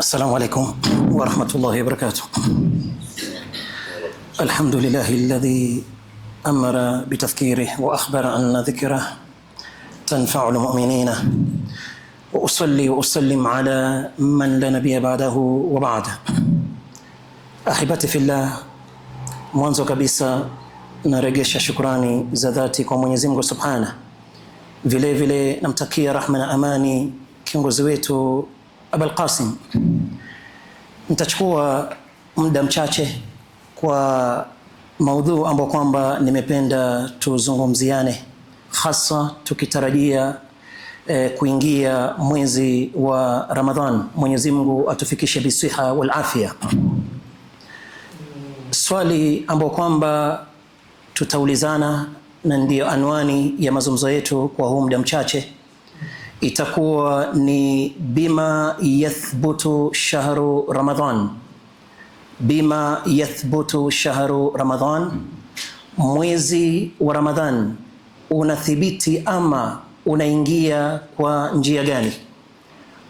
السلام عليكم ورحمة الله وبركاته الحمد لله الذي أمر بتذكيره وأخبر أن ذكره تنفع المؤمنين وأصلي وأسلم على من لا نبي بعده وبعده Ahibati fillah, mwanzo kabisa naregesha shukrani za dhati kwa Mwenyezi Mungu Subhana. Vile vile namtakia rahma na amani kiongozi wetu Abul Qasim, nitachukua muda mchache kwa maudhu ambayo kwamba nimependa tuzungumziane, hasa tukitarajia eh, kuingia mwezi wa Ramadhan. Mwenyezi Mungu atufikishe bisiha wal afya. Swali ambayo kwamba tutaulizana na ndiyo anwani ya mazungumzo yetu kwa huu muda mchache itakuwa ni bima yathbutu shahru Ramadhan, bima yathbutu shahru Ramadhan, mwezi wa Ramadhan unathibiti ama unaingia kwa njia gani?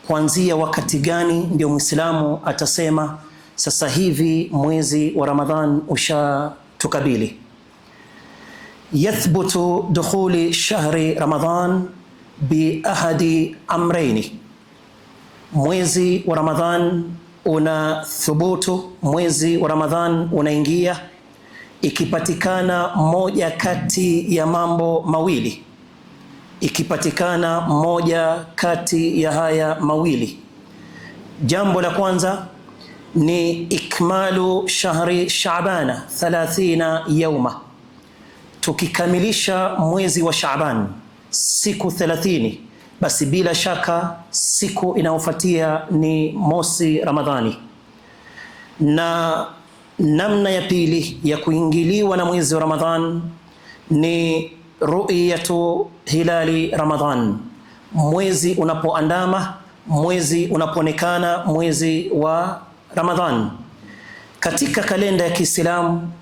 Kuanzia wakati gani ndio Mwislamu atasema sasa hivi mwezi wa Ramadhan ushatukabili? Yathbutu dukhuli shahri Ramadhan bi ahadi amreini, mwezi wa Ramadhan una thubutu, mwezi wa Ramadhan unaingia ikipatikana moja kati ya mambo mawili, ikipatikana moja kati ya haya mawili, jambo la kwanza ni ikmalu shahri Shaabana 30 yauma, tukikamilisha mwezi wa Shaaban siku thelathini, basi bila shaka siku inayofuatia ni mosi Ramadhani. Na namna ya pili ya kuingiliwa na mwezi wa Ramadhan ni ru'yatu hilali Ramadhan, mwezi unapoandama, mwezi unapoonekana, mwezi wa Ramadhan. Katika kalenda ya Kiislamu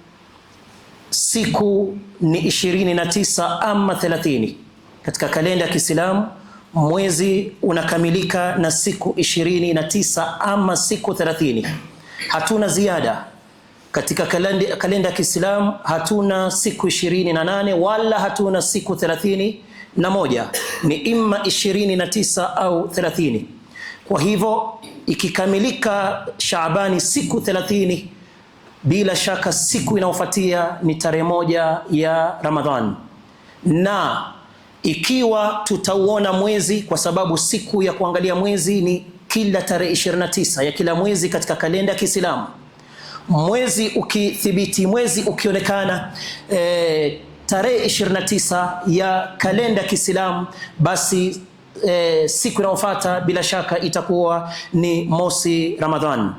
siku ni 29 na tisa ama katika kalenda ya Kiislamu mwezi unakamilika na siku ishirini na tisa ama siku thelathini. Hatuna ziada katika kalenda ya Kiislamu, hatuna siku ishirini na nane wala hatuna siku thelathini na moja. Ni imma ishirini na tisa au thelathini. Kwa hivyo ikikamilika Shaabani siku thelathini, bila shaka siku inayofuatia ni tarehe moja ya Ramadhani na ikiwa tutauona mwezi, kwa sababu siku ya kuangalia mwezi ni kila tarehe 29 ya kila mwezi katika kalenda ya Kiislamu. Mwezi ukithibiti, mwezi ukionekana e, tarehe 29 ya kalenda ya Kiislamu basi e, siku inayofuata bila shaka itakuwa ni mosi Ramadhan.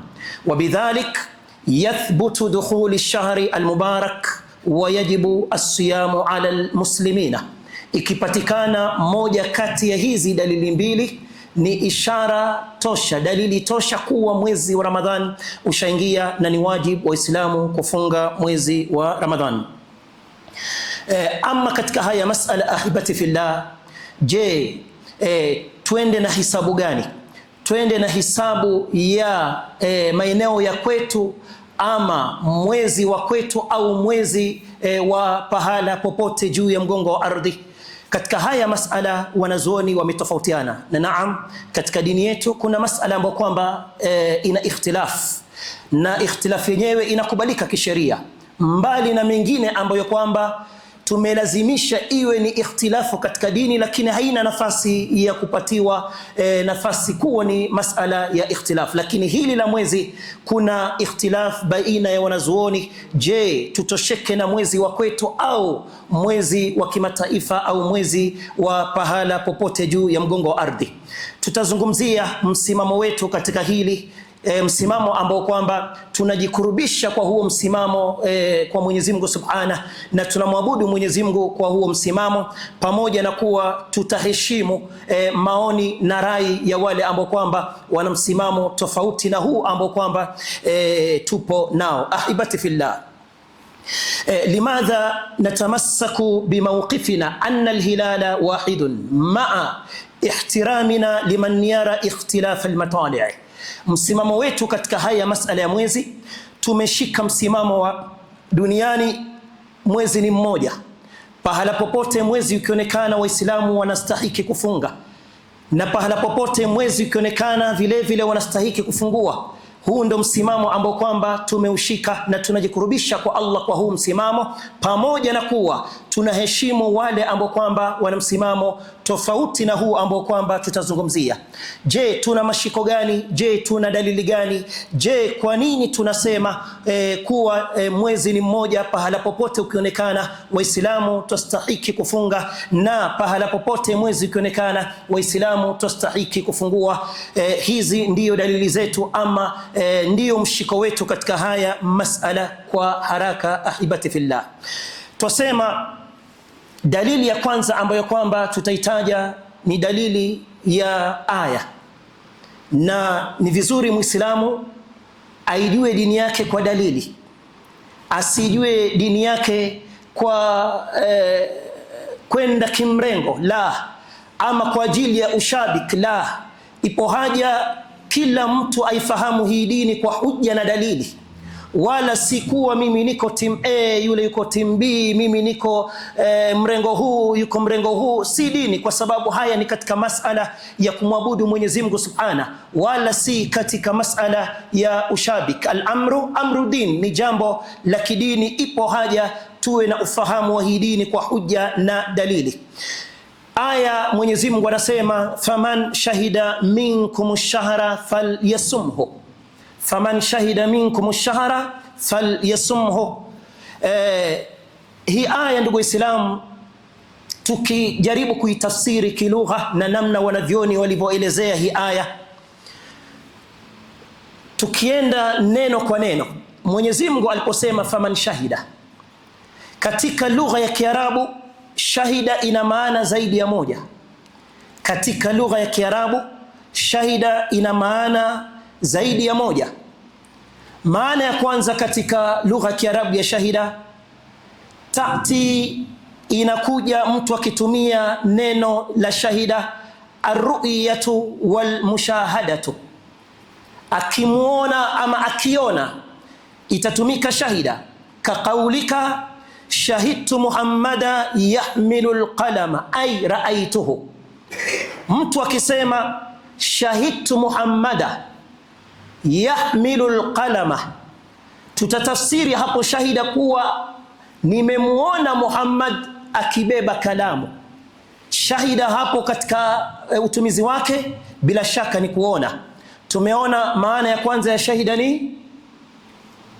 Wa bidhalik yathbutu dukhuli shahri almubarak wa yajibu alsiyamu ala almuslimina Ikipatikana moja kati ya hizi dalili mbili, ni ishara tosha, dalili tosha kuwa mwezi wa Ramadhani ushaingia na ni wajibu Waislamu kufunga mwezi wa Ramadhani. E, eh, ama katika haya masala ahibati fillah, je, e, twende na hisabu gani? Twende na hisabu ya e, maeneo ya kwetu ama mwezi wa kwetu au mwezi e, wa pahala popote juu ya mgongo wa ardhi? Katika haya masala wanazuoni wametofautiana, na naam, katika dini yetu kuna masala ambayo kwamba e, ina ikhtilaf na ikhtilaf yenyewe inakubalika kisheria, mbali na mengine ambayo kwamba tumelazimisha iwe ni ikhtilafu katika dini, lakini haina nafasi ya kupatiwa e, nafasi kuwa ni masala ya ikhtilafu Lakini hili la mwezi kuna ikhtilafu baina ya wanazuoni. Je, tutosheke na mwezi wa kwetu au mwezi wa kimataifa au mwezi wa pahala popote juu ya mgongo wa ardhi? Tutazungumzia msimamo wetu katika hili e, msimamo ambao kwamba tunajikurubisha kwa huo msimamo e, kwa Mwenyezi Mungu Subhana, na tunamwabudu Mwenyezi Mungu kwa huo msimamo, pamoja na kuwa tutaheshimu e, maoni na rai ya wale ambao kwamba wana msimamo tofauti na huu ambao kwamba e, tupo nao. Ahibati fillah Eh, limadha natamassaku bimawqifina anna alhilala wahidun maa ihtiramina liman yara ikhtilaf almatali' Msimamo wetu katika haya ya masala ya mwezi, tumeshika msimamo wa duniani, mwezi ni mmoja. Pahala popote mwezi ukionekana, Waislamu wanastahiki kufunga, na pahala popote mwezi ukionekana, vile vile wanastahiki kufungua. Huu ndo msimamo ambao kwamba tumeushika na tunajikurubisha kwa Allah kwa huu msimamo, pamoja na kuwa tunaheshimu wale ambao kwamba wana msimamo tofauti na huu ambao kwamba tutazungumzia. Je, tuna mashiko gani? Je, tuna dalili gani? Je, kwa nini tunasema e, kuwa e, mwezi ni mmoja? Pahala popote ukionekana Waislamu twastahiki kufunga, na pahala popote mwezi ukionekana Waislamu twastahiki kufungua. E, hizi ndiyo dalili zetu ama e, ndiyo mshiko wetu katika haya masala. Kwa haraka, ahibati fillah, twasema Dalili ya kwanza ambayo kwamba tutaitaja ni dalili ya aya, na ni vizuri Muislamu aijue dini yake kwa dalili, asijue dini yake kwa eh, kwenda kimrengo la ama kwa ajili ya ushabik la. Ipo haja kila mtu aifahamu hii dini kwa hujja na dalili wala sikuwa mimi niko tim A, yule yuko tim B, mimi niko e, mrengo huu, yuko mrengo huu. Si dini, kwa sababu haya ni katika masala ya kumwabudu Mwenyezi Mungu Subhana, wala si katika masala ya ushabik. Al-amru amru din, ni jambo la kidini. Ipo haja tuwe na ufahamu wa hii dini kwa hujja na dalili. Aya Mwenyezi Mungu anasema, faman shahida minkum shahra falyasumhu faman shahida minkum shahra falyasumhu. Eh, hii aya ndugu Waislamu, tukijaribu kuitafsiri kilugha na namna wanavyoni walivyoelezea hii aya, tukienda neno kwa neno, Mwenyezi Mungu aliposema faman shahida, katika lugha ya Kiarabu shahida ina maana zaidi ya moja. Katika lugha ya Kiarabu shahida ina maana zaidi ya moja. Maana ya kwanza katika lugha ya Kiarabu ya shahida tati, inakuja mtu akitumia neno la shahida arru'yatu walmushahadatu, akimwona ama akiona, itatumika shahida kaqaulika shahidtu Muhammada yahmilu lqalama ay raaituhu. Mtu akisema shahidtu Muhammada yahmilu lqalama. Tutatafsiri hapo shahida kuwa nimemwona Muhammad akibeba kalamu. Shahida hapo katika e, utumizi wake bila shaka ni kuona. Tumeona maana ya kwanza ya shahida ni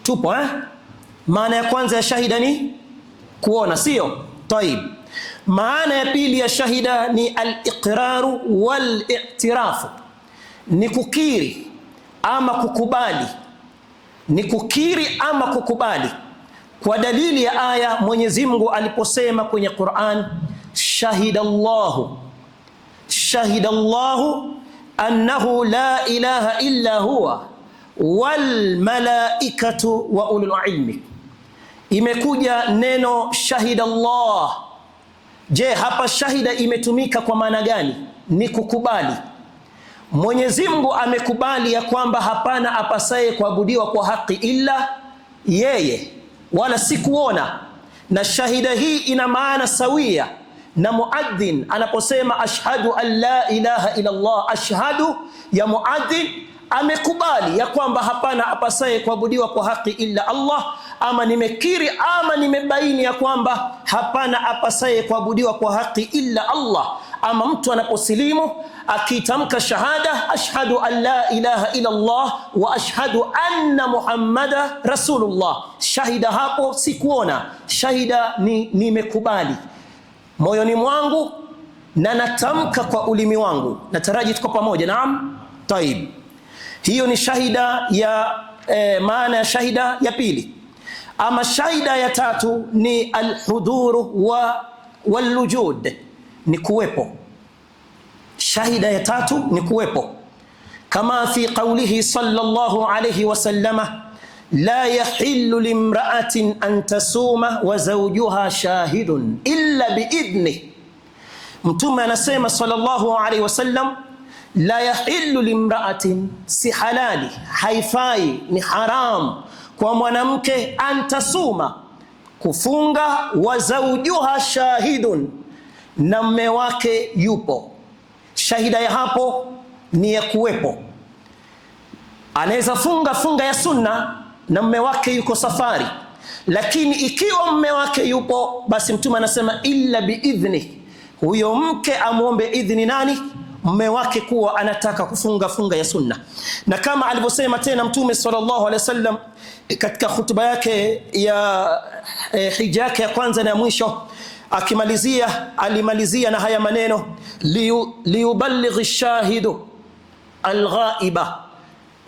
tupo eh? Maana ya kwanza ya shahida ni kuona, sio taib. Maana ya pili ya shahida ni aliqraru walitirafu, ni kukiri ama kukubali ni kukiri ama kukubali kwa dalili ya aya Mwenyezi Mungu aliposema kwenye Qur'an, shahida Allahu shahida Allahu annahu la ilaha illa huwa wal malaikatu wa ulul ilmi. Imekuja neno shahida Allah. Je, hapa shahida imetumika kwa maana gani? Ni kukubali Mwenyezi Mungu amekubali ya kwamba hapana apasaye kuabudiwa kwa haki ila yeye, wala sikuona Na shahida hii ina maana sawia na muadhin anaposema ashhadu an la ilaha illa Allah. Ashhadu ya muadhin amekubali ya kwamba hapana apasaye kuabudiwa kwa haki illa Allah, ama nimekiri ama nimebaini ya kwamba hapana apasaye kuabudiwa kwa haki illa Allah, ama mtu anaposilimu akitamka shahada, ashhadu an la ilaha illa Allah wa ashhadu anna muhammada rasulullah. Shahida hapo si kuona, shahida ni nimekubali moyoni mwangu na natamka kwa ulimi wangu. Nataraji tuko pamoja. Naam, taib. Hiyo ni shahida ya e, maana ya shahida ya pili. Ama shahida ya tatu ni alhuduru wa walujud, ni kuwepo Shahida ya tatu ni kuwepo kama fi qawlihi sallallahu alayhi sallama la yahillu limra'atin an tasuma wa zawjuha shahidun illa biidhni. Mtume anasema sallallahu alayhi sallam, la yahillu limra'atin, si halali, haifai, ni haram kwa mwanamke an tasuma, kufunga, wa zawjuha shahidun, na mme wake yupo shahida ya hapo ni ya kuwepo. Anaweza funga funga ya sunna na mme wake yuko safari, lakini ikiwa mme wake yupo, basi Mtume anasema illa biidhni, huyo mke amwombe idhni nani? Mume wake kuwa anataka kufunga funga ya sunna. Na kama alivyosema tena Mtume sallallahu alaihi wasallam katika khutuba yake ya eh, hija yake ya kwanza na ya mwisho Akimalizia alimalizia na haya maneno liuballighi shahidu alghaiba,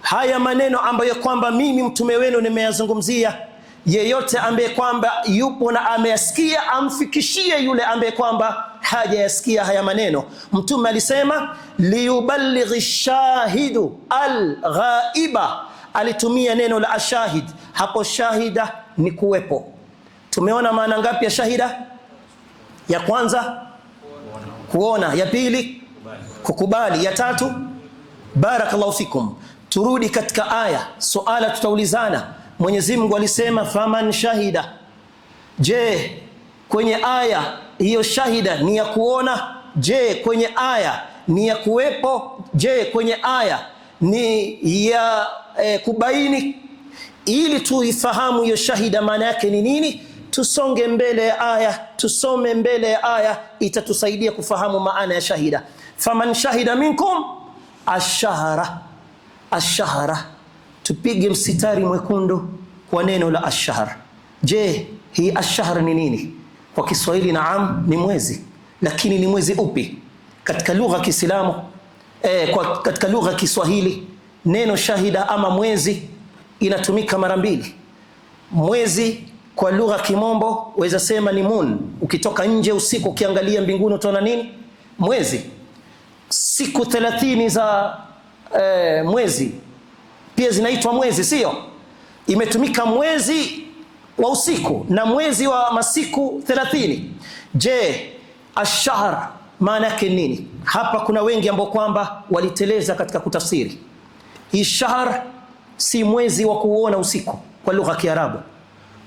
haya maneno ambayo kwamba mimi mtume wenu nimeyazungumzia, yeyote ambaye kwamba yupo na ameyasikia amfikishie yule ambaye kwamba hajayasikia haya maneno. Mtume alisema liyuballighi shahidu alghaiba, alitumia neno la ashahid hapo. Shahida ni kuwepo. Tumeona maana ngapi ya shahida? Ya kwanza kuona, ya pili kukubali, ya tatu barakallahu fikum. Turudi katika aya, suala tutaulizana. Mwenyezi Mungu alisema faman shahida. Je, kwenye aya hiyo shahida ni ya kuona? Je, kwenye aya ni ya kuwepo? Je, kwenye aya ni ya eh, kubaini? Ili tuifahamu hiyo shahida maana yake ni nini tusonge mbele ya aya, tusome mbele ya aya, itatusaidia kufahamu maana ya shahida. Faman shahida minkum ashahara, ashahara, tupige msitari mwekundu kwa neno la ashahara. Je, hii ashahara ni nini kwa Kiswahili? Naam, ni mwezi, lakini ni mwezi upi katika lugha ya Kiislamu? Eh, kwa katika lugha ya Kiswahili neno shahida ama mwezi inatumika mara mbili, mwezi kwa lugha kimombo weza sema ni moon. Ukitoka nje usiku ukiangalia mbinguni utaona nini? Mwezi. Siku 30 za e, mwezi pia zinaitwa mwezi, sio? Imetumika mwezi wa usiku na mwezi wa masiku 30. Je, ashahar maana yake nini? Hapa kuna wengi ambao kwamba waliteleza katika kutafsiri hii. si mwezi wa kuona usiku kwa lugha ya Kiarabu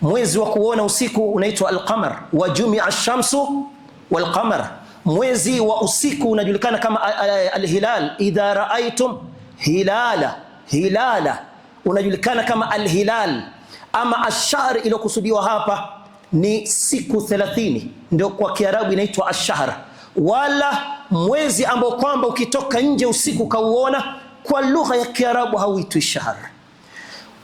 mwezi wa kuona usiku unaitwa alqamar, wa jumia shamsu walqamar. Mwezi wa usiku unajulikana kama alhilal. Idha raaitum hilala, hilala unajulikana kama alhilal. Ama ashar iliyokusudiwa hapa ni siku 30 ndio kwa Kiarabu inaitwa ashahr, wala mwezi ambao kwamba ukitoka nje usiku kauona, kwa lugha ya Kiarabu hauitwi shahr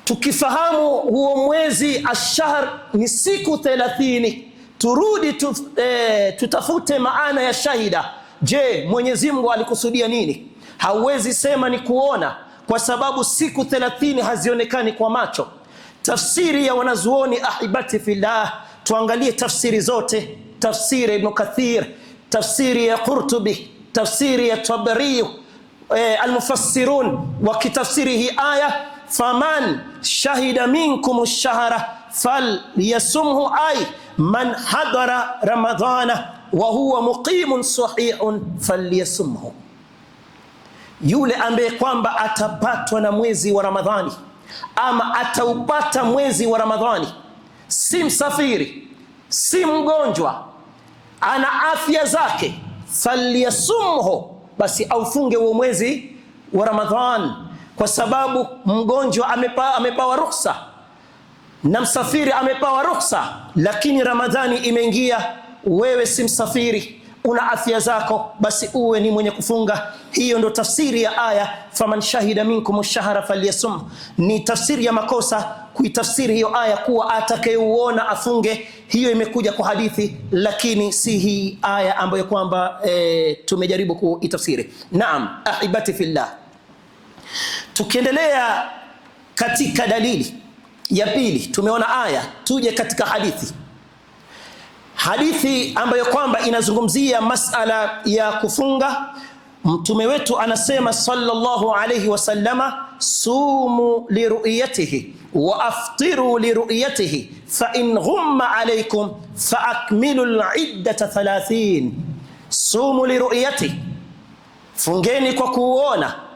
Tukifahamu huo mwezi ashahr ni siku thelathini, turudi tu, eh, tutafute maana ya shahida. Je, Mwenyezi Mungu alikusudia nini? Hauwezi sema ni kuona, kwa sababu siku thelathini hazionekani kwa macho. Tafsiri ya wanazuoni ahibati fillah, tuangalie tafsiri zote, tafsiri Ibn Kathir, tafsiri ya Qurtubi, tafsiri ya Tabari, eh, almufassirun wakitafsiri hii aya faman shahida minkum shahra falyasumhu, ay man hadara ramadhana wa huwa muqimun sahihun falyasumhu, yule ambaye kwamba atapatwa na mwezi wa Ramadhani ama ataupata mwezi wa Ramadhani, si msafiri, si mgonjwa, ana afya zake, falyasumhu, basi aufunge huo mwezi wa Ramadhani kwa sababu mgonjwa amepa, amepawa ruhusa na msafiri amepawa ruhusa, lakini Ramadhani imeingia, wewe si msafiri, una afya zako, basi uwe ni mwenye kufunga. Hiyo ndo tafsiri ya aya faman shahida minkum shahra falyasum. Ni tafsiri ya makosa kuitafsiri hiyo aya kuwa atakayeuona afunge. Hiyo imekuja kwa hadithi, lakini si hii aya ambayo kwamba e, tumejaribu kuitafsiri. Naam, ahibati fillah Tukiendelea katika dalili ya pili, tumeona aya, tuje katika hadithi. Hadithi ambayo kwamba inazungumzia masala ya kufunga. Mtume wetu anasema sallallahu alayhi wasallama, sumu liruyatihi wa aftiru liruyatihi fa in ghumma alaykum fa akmilu al-iddata 30. Sumu liruyatihi, fungeni kwa kuona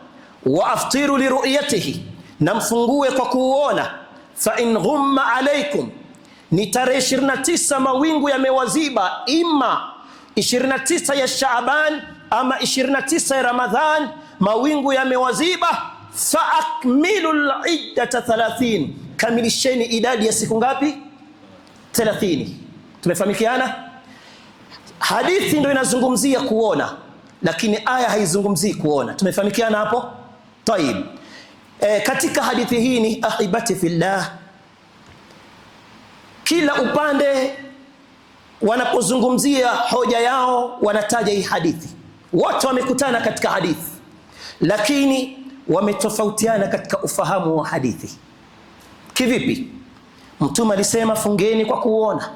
wa aftiru li ru'yatihi, namfungue kwa kuuona. Fa in ghumma alaykum, ni tarehe 29 mawingu yamewaziba, ima 29 ya Shaaban ama 29 ya Ramadhan, mawingu yamewaziba. Fa akmilu al-iddata 30, kamilisheni idadi ya siku ngapi? 30. Tumefahamikiana? Hadithi ndio inazungumzia kuona, lakini aya haizungumzii kuona. Tumefahamikiana hapo? Tayib. E, katika hadithi hii ni ahibati fillah, kila upande wanapozungumzia hoja yao wanataja hii hadithi, wote wamekutana katika hadithi, lakini wametofautiana katika ufahamu wa hadithi. Kivipi? Mtume alisema fungeni kwa kuona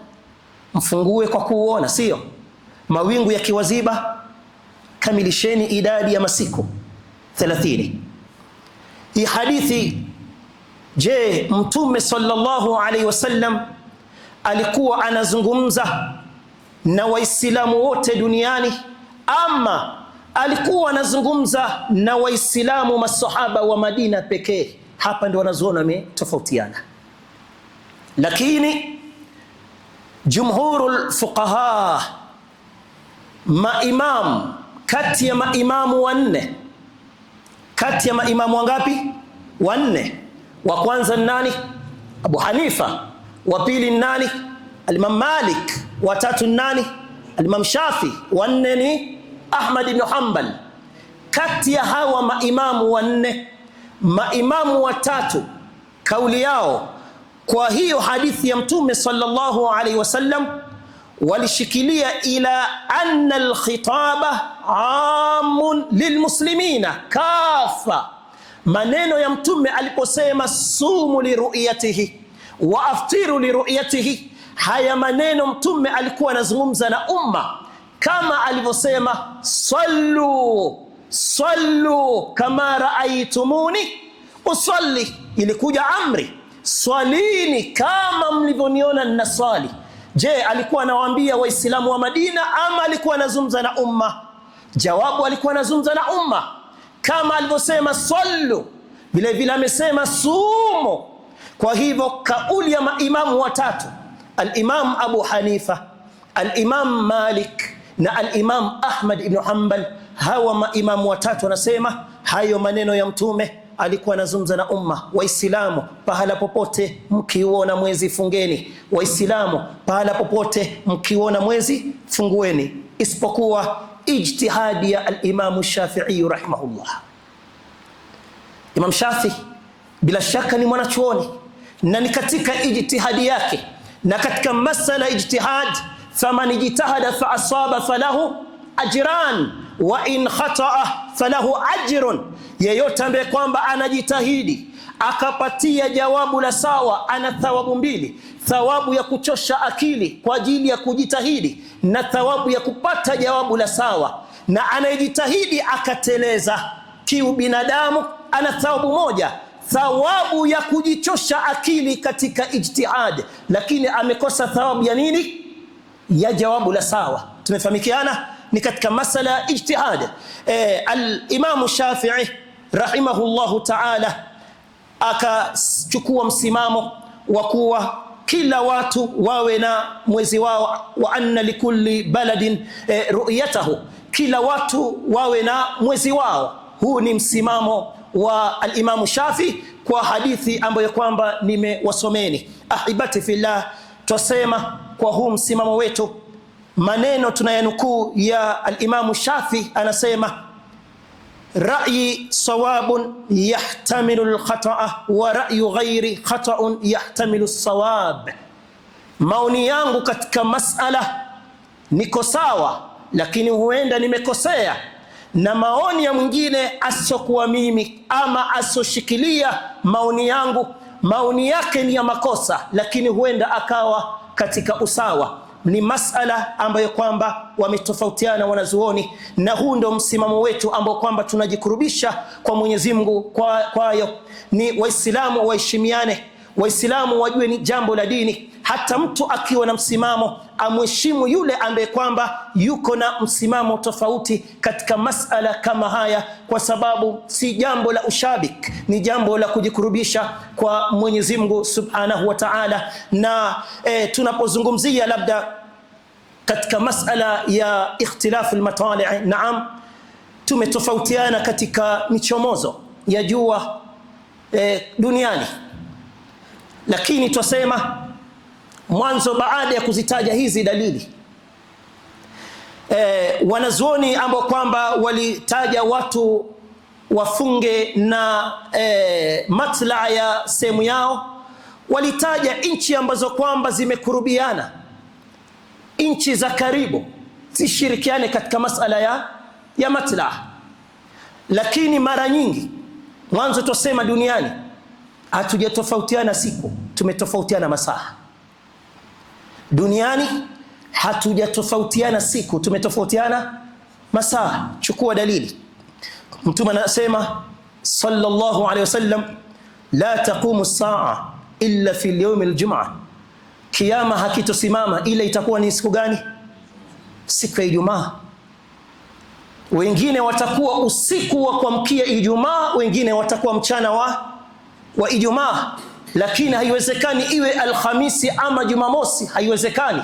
mfungue kwa kuuona, sio mawingu yakiwaziba, kamilisheni idadi ya masiku 30. Hii hadithi, je, Mtume sallallahu alaihi wasallam alikuwa anazungumza na Waislamu wote duniani ama alikuwa anazungumza na Waislamu masahaba wa Madina pekee? Hapa ndio wanazuoni wametofautiana, lakini jumhuru fuqaha, maimamu kati ya maimamu wanne kati ya maimamu wangapi? Wanne. Wa kwanza ni nani? Abu Hanifa. Wa pili ni nani? Alimam Malik. Wa tatu ni nani? Alimam Shafi. Wa nne ni Ahmad ibn Hanbal. Kati ya hawa maimamu wanne, maimamu watatu kauli yao kwa hiyo hadithi ya Mtume sallallahu alaihi wasallam walishikilia ila anna alkhitaba amun lilmuslimina kafa. Maneno ya Mtume aliposema sumu liruyatihi wa aftiru liruyatihi, haya maneno Mtume alikuwa anazungumza na umma kama alivyosema sallu sallu kama raaitumuni usalli, ilikuja amri swalini kama mlivyoniona ninaswali Je, alikuwa anawaambia Waislamu wa Madina ama alikuwa anazungumza na umma? Jawabu, alikuwa anazungumza na umma, kama alivyosema sallu, vile vile amesema sumu. Kwa hivyo kauli ya maimamu watatu Alimamu Abu Hanifa, Alimamu Malik na Alimamu Ahmad ibn Hanbal, hawa maimamu watatu wanasema hayo maneno ya Mtume alikuwa anazungumza na umma Waislamu, pahala popote mkiuona mwezi fungeni. Waislamu, pahala popote mkiuona mwezi fungueni, isipokuwa ijtihadi ya alimamu Shafi'i rahimahullah. Imam Shafi bila shaka ni mwanachuoni na ni katika ijtihadi yake na katika masala ijtihad, faman ijtahada faasaba falahu ajran wa in khataa falahu ajrun, yeyote ambaye kwamba anajitahidi akapatia jawabu la sawa, ana thawabu mbili: thawabu ya kuchosha akili kwa ajili ya kujitahidi na thawabu ya kupata jawabu la sawa. Na anayejitahidi akateleza kiu binadamu ana thawabu moja, thawabu ya kujichosha akili katika ijtihad, lakini amekosa thawabu ya nini? Ya jawabu la sawa. Tumefahamikiana? ni katika masala ya ijtihadi. al e, Alimamu Shafii rahimahullahu taala akachukua msimamo wa kuwa kila watu wawe na mwezi wao, wa anna likulli baladin e, ru'yatahu, kila watu wawe na mwezi wao. Huu ni msimamo wa al alimamu Shafi kwa hadithi ambayo kwamba nimewasomeni. Ahibati fillah, twasema kwa huu msimamo wetu maneno tunayanukuu ya alimamu Shafi, anasema ra'yi sawabun yahtamilu lkhataa wa ra'yu ghairi khataun yahtamilu sawab, maoni yangu katika masala niko sawa, lakini huenda nimekosea na maoni ya mwingine asokuwa mimi ama asoshikilia maoni yangu, maoni yake ni ya makosa, lakini huenda akawa katika usawa ni masala ambayo kwamba wametofautiana wanazuoni, na huu ndio msimamo wetu ambao kwamba tunajikurubisha kwa Mwenyezi Mungu kwayo. Kwa ni Waislamu waheshimiane, Waislamu wajue ni jambo la dini hata mtu akiwa na msimamo amheshimu yule ambaye kwamba yuko na msimamo tofauti katika masala kama haya, kwa sababu si jambo la ushabik, ni jambo la kujikurubisha kwa Mwenyezi Mungu Subhanahu wa Ta'ala. Na eh, tunapozungumzia labda katika masala ya ikhtilafu almatali, naam, tumetofautiana katika michomozo ya jua eh, duniani, lakini twasema mwanzo baada ya kuzitaja hizi dalili e, wanazuoni ambao kwamba walitaja watu wafunge na e, eh, matlaa ya sehemu yao walitaja nchi ambazo kwamba zimekurubiana, nchi za karibu zishirikiane katika masala ya, ya matlaa. Lakini mara nyingi mwanzo twasema duniani hatujatofautiana siku, tumetofautiana masaa duniani hatujatofautiana siku, tumetofautiana masaa. Chukua dalili, Mtume anasema sallallahu alaihi wasallam, la taqumu saa illa fi yaumi ljuma, kiama hakitosimama ila itakuwa ni siku gani? Siku ya Ijumaa. Wengine watakuwa usiku wa kuamkia Ijumaa, wengine watakuwa mchana wa, wa Ijumaa lakini haiwezekani iwe Alhamisi ama Jumamosi, haiwezekani.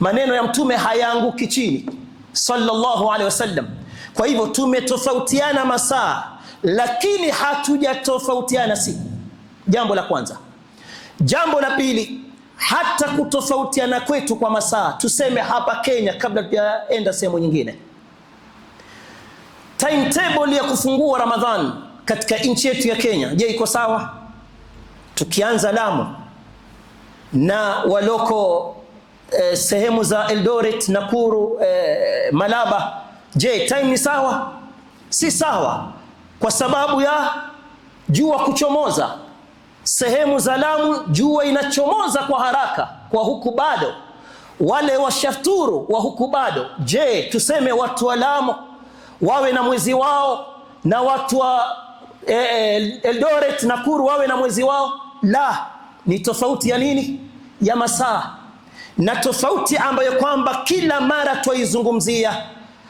Maneno ya Mtume hayaanguki chini sallallahu alaihi wasallam. Kwa hivyo tumetofautiana masaa, lakini hatujatofautiana si jambo la kwanza. Jambo la pili, hata kutofautiana kwetu kwa masaa, tuseme hapa Kenya, kabla tujaenda sehemu nyingine, timetable ya kufungua Ramadhan katika nchi yetu ya Kenya, je, iko sawa? tukianza Lamu na waloko eh, sehemu za Eldoret, Nakuru, eh, Malaba, je, time ni sawa? Si sawa, kwa sababu ya jua kuchomoza sehemu za Lamu. Jua inachomoza kwa haraka, kwa huku bado wale washaturu wa huku bado. Je, tuseme watu wa Lamu wawe na mwezi wao na watu wa e, Eldoret, Nakuru wawe na mwezi wao? la ni tofauti ya nini? Ya masaa na tofauti ambayo kwamba kila mara twaizungumzia.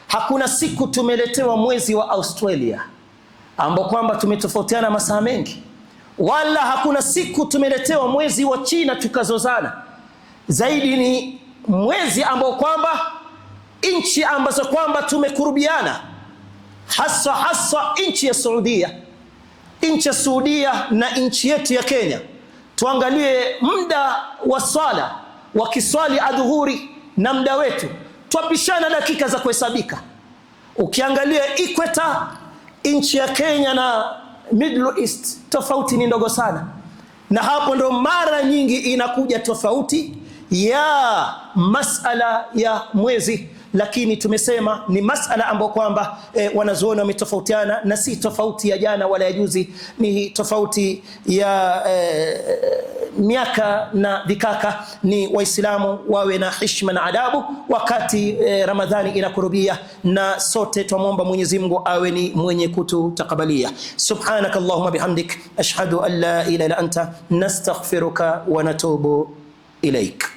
Hakuna siku tumeletewa mwezi wa Australia ambao kwamba tumetofautiana masaa mengi, wala hakuna siku tumeletewa mwezi wa China tukazozana zaidi. Ni mwezi ambao kwamba nchi ambazo kwamba tumekurubiana, hasa hasa nchi ya Saudia nchi ya Saudia na nchi yetu ya Kenya, tuangalie muda wa swala wakiswali adhuhuri na muda wetu, twapishana dakika za kuhesabika. Ukiangalia ikweta nchi ya Kenya na Middle East, tofauti ni ndogo sana, na hapo ndo mara nyingi inakuja tofauti ya masala ya mwezi lakini tumesema ni masala ambayo kwamba e, wanazuoni wametofautiana na si tofauti ya jana wala ya juzi, ni tofauti ya e, miaka na vikaka. Ni Waislamu wawe na hishma na adabu wakati e, Ramadhani inakurubia, na sote twamwomba Mwenyezi Mungu awe ni mwenye kututakabalia. Subhanakallahumma bihamdik ashhadu an la ilaha illa anta nastaghfiruka wa natubu ilaik.